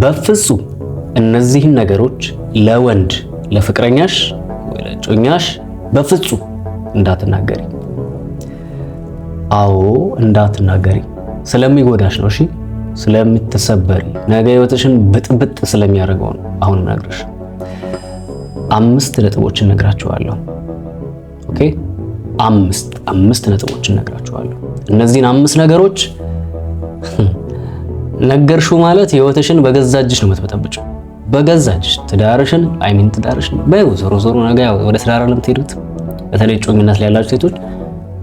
በፍጹም እነዚህን ነገሮች ለወንድ ለፍቅረኛሽ ወይ ለጮኛሽ በፍጹም እንዳትናገሪ። አዎ እንዳትናገሪ። ስለሚጎዳሽ ነው። እሺ ስለምትሰበሪ፣ ነገ ህይወትሽን ብጥብጥ ስለሚያደርገው ነው። አሁን ነግርሽ አምስት ነጥቦችን ነግራችኋለሁ። ኦኬ አምስት አምስት ነጥቦችን ነግራችኋለሁ። እነዚህን አምስት ነገሮች ነገርሽው ማለት ህይወትሽን በገዛ እጅሽ ነው የምትበጠብጭው። በገዛ እጅሽ ትዳርሽን አይሚን ትዳርሽን በይው። ዞሮ ዞሮ ነገ ወደ ትዳር ትሄዱት። በተለይ ጮኝነት ላይ ያላችሁ ሴቶች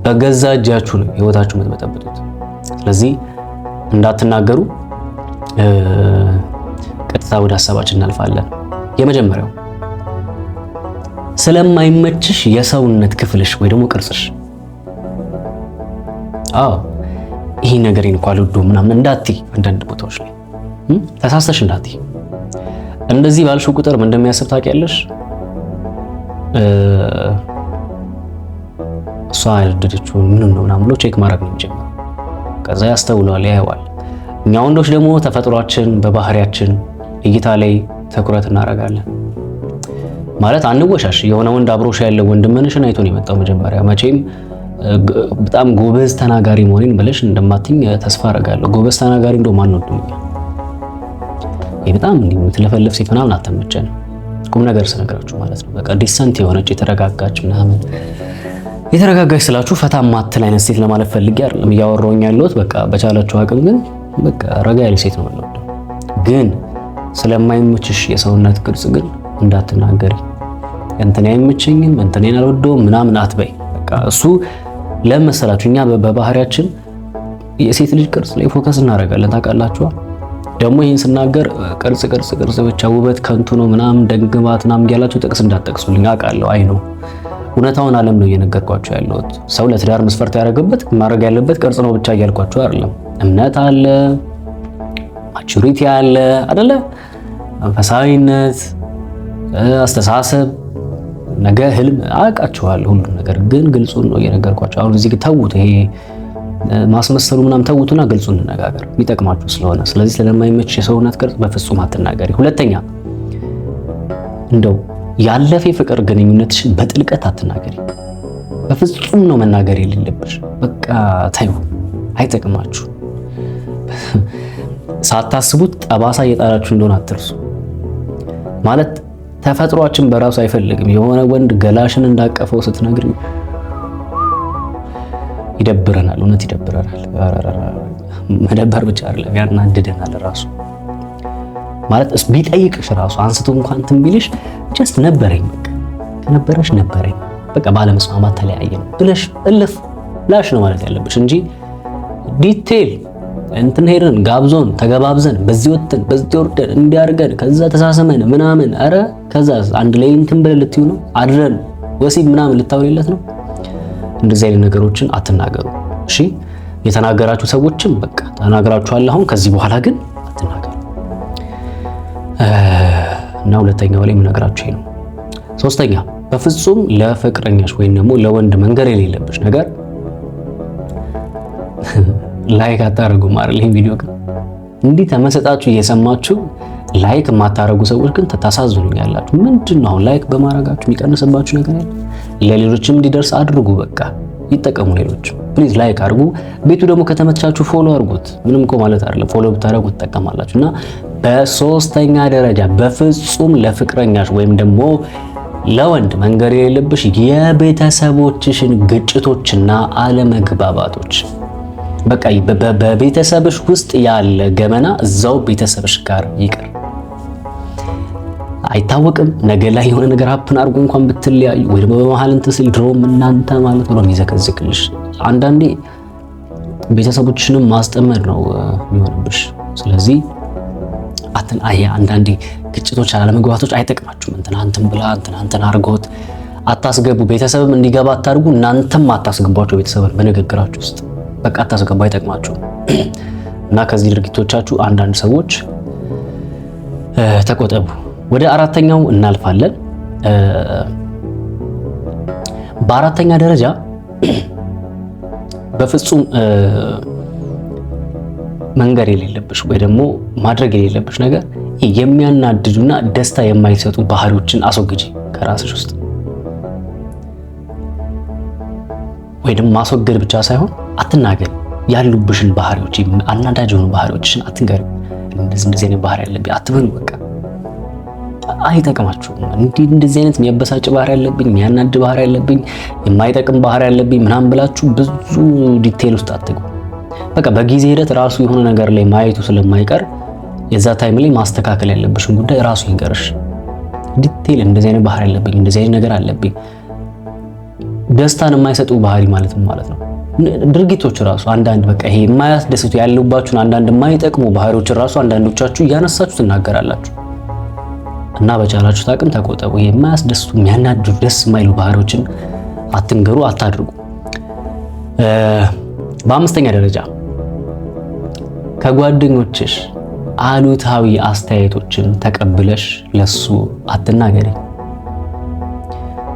በገዛ እጃችሁ ነው ህይወታችሁ የምትበጠብጡት። ስለዚህ እንዳትናገሩ። ቀጥታ ወደ ሀሳባችን እናልፋለን። የመጀመሪያው ስለማይመችሽ የሰውነት ክፍልሽ ወይ ደግሞ ቅርጽሽ። አዎ ይሄ ነገር እኮ አልወደውም ምናምን እንዳትይ፣ አንዳንድ ቦታዎች ላይ ተሳስተሽ እንዳትይ። እንደዚህ ባልሽው ቁጥር ምን እንደሚያስብ ታውቂያለሽ? እሷ ያልወደደችውን ምን ነው ምናምን ብሎ ቼክ ማድረግ ነው የሚጀምረው። ከዛ ያስተውለዋል፣ ያየዋል። እኛ ወንዶች ደግሞ ተፈጥሯችን በባህሪያችን እይታ ላይ ትኩረት እናደርጋለን። ማለት አንወሻሽ፣ የሆነ ወንድ አብሮሽ ያለው አይቶ ነው የመጣው መጀመሪያ መቼም በጣም ጎበዝ ተናጋሪ መሆኔን ብለሽ እንደማትኝ ተስፋ አደርጋለሁ። ጎበዝ ተናጋሪ እንደው ማን ነው ድምኛ ይሄ በጣም የምትለፈለፍ ሴት ምናምን አተመቸን። ቁም ነገር ስነግራችሁ ማለት ነው። በቃ ዲሰንት የሆነች የተረጋጋች ምናምን የተረጋጋች ስላችሁ ፈታ ማትል አይነት ሴት ለማለት ፈልጌ አይደለም እያወራሁኝ ያለሁት። በቃ በቻላችሁ አቅም ግን በቃ ረጋ ያለ ሴት ነው ነው ግን ስለማይመችሽ የሰውነት ቅርጽ ግን እንዳትናገሪ፣ እንትን አይመቸኝም፣ እንትን አልወደውም ምናምን አትበይ። በቃ እሱ ለመሰላችሁ እኛ በባህሪያችን የሴት ልጅ ቅርጽ ላይ ፎከስ እናደርጋለን። ታውቃላችኋ። ደግሞ ይህን ስናገር ቅርጽ ቅርጽ ቅርጽ ብቻ ውበት ከንቱ ነው ምናምን ደንግባት ምናምን እያላችሁ ጥቅስ እንዳጠቅሱልኝ አውቃለሁ። አይ ነው እውነታውን ዓለም ነው እየነገርኳቸው ያለሁት። ሰው ለትዳር መስፈርት ያደረገበት ማድረግ ያለበት ቅርጽ ነው ብቻ እያልኳቸው አይደለም። እምነት አለ፣ ማቹሪቲ አለ አይደለ? መንፈሳዊነት፣ አስተሳሰብ ነገ ህልም አውቃችኋለሁ፣ ሁሉ ነገር ግን ግልጹን ነው እየነገርኳቸው። አሁን እዚህ ተዉት፣ ይሄ ማስመሰሉ ምናም ተዉትና ግልጹ እንነጋገር የሚጠቅማችሁ ስለሆነ። ስለዚህ ስለማይመች የሰውነት ቅርጽ በፍጹም አትናገሪ። ሁለተኛ እንደው ያለፈ የፍቅር ግንኙነትሽ በጥልቀት አትናገሪ። በፍጹም ነው መናገር የሌለብሽ። በቃ ታዩ፣ አይጠቅማችሁ። ሳታስቡት ጠባሳ እየጣላችሁ እንደሆነ አትርሱ ማለት ተፈጥሯችን በራሱ አይፈልግም። የሆነ ወንድ ገላሽን እንዳቀፈው ስትነግር ይደብረናል። እውነት ይደብረናል። መደበር ብቻ አይደለም ያናድደናል ራሱ ማለት ቢጠይቅሽ ራሱ አንስቶ እንኳን ትንቢልሽ ጀስት ነበረኝ ከነበረሽ ነበረኝ በቃ ባለመስማማት ተለያየን ብለሽ እልፍ ላሽ ነው ማለት ያለብሽ እንጂ ዲቴል እንትን ሄደን ጋብዞን ተገባብዘን በዚህ ወጥተን በዚህ ወርደን እንዲያርገን ከዛ ተሳሰመን ምናምን አረ ከዛ አንድ ላይ እንትን ብለን ልትዩ ነው አድረን ወሲብ ምናምን ልታውልለት ነው። እንደዚህ አይነት ነገሮችን አትናገሩ። እሺ የተናገራችሁ ሰዎችም በቃ ተናግራችኋል። አሁን ከዚህ በኋላ ግን አትናገሩ እና ሁለተኛው ላይ የምነግራችሁ ይሄ ነው። ሶስተኛ በፍጹም ለፍቅረኛሽ ወይም ደግሞ ለወንድ መንገር የሌለብሽ ነገር ላይክ አታደርጉ ማለት ይህን ቪዲዮ ግን እንዲህ ተመሰጣችሁ እየሰማችሁ ላይክ የማታደርጉ ሰዎች ግን ታሳዝኑኛላችሁ። ምንድን ነው ላይክ በማድረጋችሁ የሚቀንስባችሁ ነገር ያለ? ለሌሎችም እንዲደርስ አድርጉ። በቃ ይጠቀሙ ሌሎች። ፕሊዝ ላይክ አድርጉ። ቤቱ ደግሞ ከተመቻችሁ ፎሎ አድርጉት። ምንም እኮ ማለት አይደለም። ፎሎ ብታደርጉ ትጠቀማላችሁ። እና በሶስተኛ ደረጃ በፍጹም ለፍቅረኛሽ ወይም ደግሞ ለወንድ መንገድ የሌለብሽ የቤተሰቦችሽን ግጭቶችና አለመግባባቶች በቃ በቤተሰብሽ ውስጥ ያለ ገመና እዛው ቤተሰብሽ ጋር ይቅር። አይታወቅም ነገ ላይ የሆነ ነገር ሀፕን አድርጎ እንኳን ብትለያዩ ወይ ደግሞ በመሀል እንትን ስል ድሮም እናንተ ማለት ብሎ የሚዘቀዝቅልሽ አንዳንዴ ቤተሰቦችንም ማስጠመድ ነው የሚሆንብሽ። ስለዚህ አትን አያ አንዳንዴ ግጭቶች፣ አለመግባቶች አይጠቅማችሁም። እንትን አንተን ብላ እንትን አንተን አድርጎት አታስገቡ። ቤተሰብም እንዲገባ አታድርጉ። እናንተም አታስገቧቸው ቤተሰብን በንግግራችሁ ውስጥ በቃ አታስገቡ፣ አይጠቅማችሁ እና ከዚህ ድርጊቶቻችሁ አንዳንድ ሰዎች ተቆጠቡ። ወደ አራተኛው እናልፋለን። በአራተኛ ደረጃ በፍጹም መንገር የሌለብሽ ወይ ደግሞ ማድረግ የሌለብሽ ነገር የሚያናድዱና ደስታ የማይሰጡ ባህሪዎችን አስወግጂ ከራስሽ ውስጥ ወይ ደግሞ ማስወገድ ብቻ ሳይሆን አትናገር ያሉብሽን ባህሪዎች፣ አናዳጅ የሆኑ ባህሪዎችሽን አትንገሪ። እንደዚህ እንደዚህ አይነት ባህሪ ያለብኝ አትበሉ። በቃ አይጠቅማችሁም። እንዲህ እንደዚህ አይነት የሚያበሳጭ ባህሪ ያለብኝ፣ የሚያናድ ባህሪ ያለብኝ፣ የማይጠቅም ባህሪ ያለብኝ ምናምን ብላችሁ ብዙ ዲቴል ውስጥ አትገቡ። በቃ በጊዜ ሂደት ራሱ የሆነ ነገር ላይ ማየቱ ስለማይቀር የዛ ታይም ላይ ማስተካከል ያለብሽን ጉዳይ ራሱ ይንገርሽ። ዲቴል እንደዚህ አይነት ባህሪ ያለብኝ፣ እንደዚህ አይነት ነገር አለብኝ። ደስታን የማይሰጡ ባህሪ ማለትም ማለት ነው ድርጊቶች ራሱ አንዳንድ በቃ ይሄ የማያስደስቱ ያለባችሁን አንዳንድ የማይጠቅሙ ባህሪዎች ራሱ አንዳንዶቻችሁ እያነሳችሁ ትናገራላችሁ እና በቻላችሁ ታቅም ተቆጠቡ። ይሄ የማያስደስቱ የሚያናድዱ፣ ደስ የማይሉ ባህሪዎችን አትንገሩ፣ አታድርጉ። በአምስተኛ ደረጃ ከጓደኞችሽ አሉታዊ አስተያየቶችን ተቀብለሽ ለሱ አትናገሪ።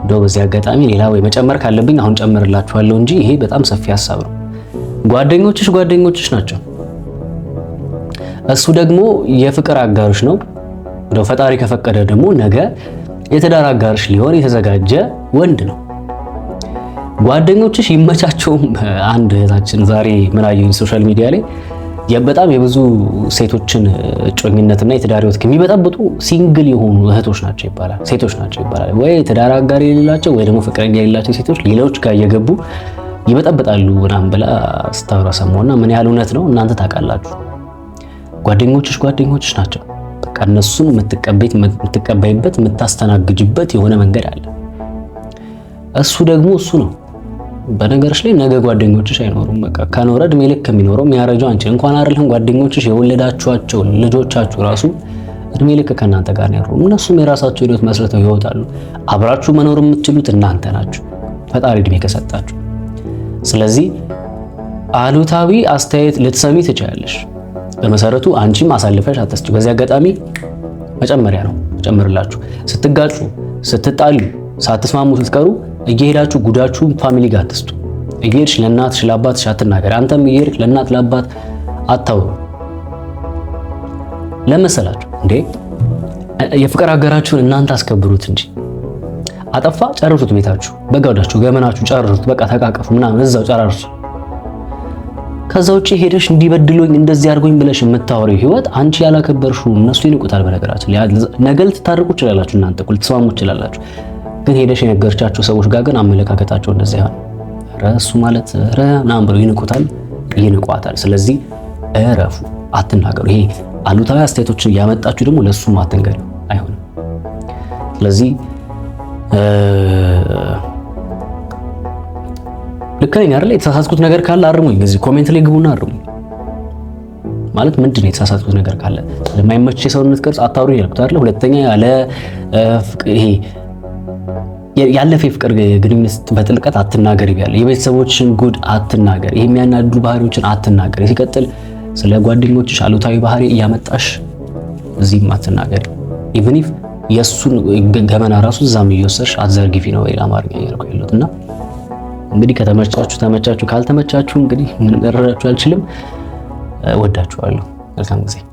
እንደው በዚህ አጋጣሚ ሌላ ወይ መጨመር ካለብኝ አሁን ጨምርላችኋለሁ እንጂ ይሄ በጣም ሰፊ ሀሳብ ነው። ጓደኞችሽ ጓደኞችሽ ናቸው። እሱ ደግሞ የፍቅር አጋርሽ ነው። እንደው ፈጣሪ ከፈቀደ ደግሞ ነገ የትዳር አጋርሽ ሊሆን የተዘጋጀ ወንድ ነው። ጓደኞችሽ ይመቻቸውም። አንድ እህታችን ዛሬ ምን አየሁኝ ሶሻል ሚዲያ ላይ በጣም የብዙ ሴቶችን እጮኝነትና የትዳር ህይወት የሚበጠብጡ ሲንግል የሆኑ እህቶች ናቸው ይባላል፣ ሴቶች ናቸው ይባላል። ወይ ትዳር አጋር የሌላቸው ወይ ደግሞ ፍቅረኛ የሌላቸው ሴቶች ሌሎች ጋር እየገቡ ይበጠብጣሉ ምናምን ብላ ስታወራ ሰማሁና ምን ያህል እውነት ነው እናንተ ታውቃላችሁ። ጓደኞችሽ ጓደኞችሽ ናቸው። በቃ እነሱን የምትቀበይበት የምታስተናግጅበት የሆነ መንገድ አለ። እሱ ደግሞ እሱ ነው በነገርሽ ላይ ነገ ጓደኞችሽ አይኖሩም። በቃ ከኖረ እድሜ ልክ የሚኖረው የሚያረጁ አንቺ እንኳን አይደለም ጓደኞችሽ የወለዳችኋቸው ልጆቻችሁ ራሱ እድሜ ልክ ከእናንተ ጋር ያሉ። እነሱም የራሳቸው ህይወት መስርተው ይወጣሉ። አብራችሁ መኖር የምትችሉት እናንተ ናችሁ፣ ፈጣሪ እድሜ ከሰጣችሁ። ስለዚህ አሉታዊ አስተያየት ልትሰሚ ትችላለሽ። በመሰረቱ አንቺም አሳልፈሽ አትስጪ። በዚህ አጋጣሚ መጨመሪያ ነው ጨምርላችሁ ስትጋጩ፣ ስትጣሉ፣ ሳትስማሙ ስትቀሩ እየሄዳችሁ ጉዳችሁን ፋሚሊ ጋር አትስጡ። እየሄድሽ ለእናትሽ ለአባትሽ አትናገር። አንተም እየሄድክ ለእናት ለአባት አታውሩ። ለመሰላችሁ እንዴ የፍቅር አጋራችሁን እናንተ አስከብሩት እንጂ አጠፋ ጨርሱት። ቤታችሁ በጋዳችሁ ገመናችሁ ጨርሱት። በቃ ተቃቀፉ ምናምን እዛው ጨራርሱ። ከዛ ውጪ ሄደሽ እንዲበድሉኝ እንደዚህ አድርጎኝ ብለሽ የምታወሪው ህይወት አንቺ ያላከበርሽው እነሱ ይንቁታል። በነገራችን ነገ ልትታርቁ ትችላላችሁ። እናንተ እኩል ልትስማሙ ትችላላችሁ። ግን ሄደሽ የነገርቻቸው ሰዎች ጋር ግን አመለካከታቸው እንደዚያ ይሆን እሱ ማለት ረ ምናምን ብለው ይንቁታል፣ ይንቋታል። ስለዚህ እረፉ፣ አትናገሩ። ይሄ አሉታዊ አስተያየቶችን እያመጣችሁ ደግሞ ለእሱም አትንገዱ፣ አይሆንም። ስለዚህ ልክ ነኝ አይደል? የተሳሳትኩት ነገር ካለ አርሙኝ። እዚህ ኮሜንት ላይ ግቡና አርሙኝ። ማለት ምንድን ነው የተሳሳትኩት ነገር ካለ ለማይመች የሰውነት ቅርጽ አታውሩ ያልኩት አይደል? ሁለተኛ ያለ ይሄ ያለፈ የፍቅር ግንኙነት በጥልቀት አትናገር ይባላል። የቤተሰቦችን ጉድ አትናገር፣ የሚያናድዱ ባህሪዎችን አትናገር። ሲቀጥል ስለ ጓደኞችሽ አሉታዊ ባህሪ እያመጣሽ እዚህም አትናገር። ኢቭን ኢፍ የእሱን ገመና ራሱ እዛም እየወሰድሽ አትዘርግፊ ነው ሌላ አማርኛ እያልኩ ያለሁት እና እንግዲህ ከተመቻችሁ ተመቻችሁ፣ ካልተመቻችሁ እንግዲህ ምንም ያረዳችሁ አልችልም። ወዳችኋለሁ። መልካም ጊዜ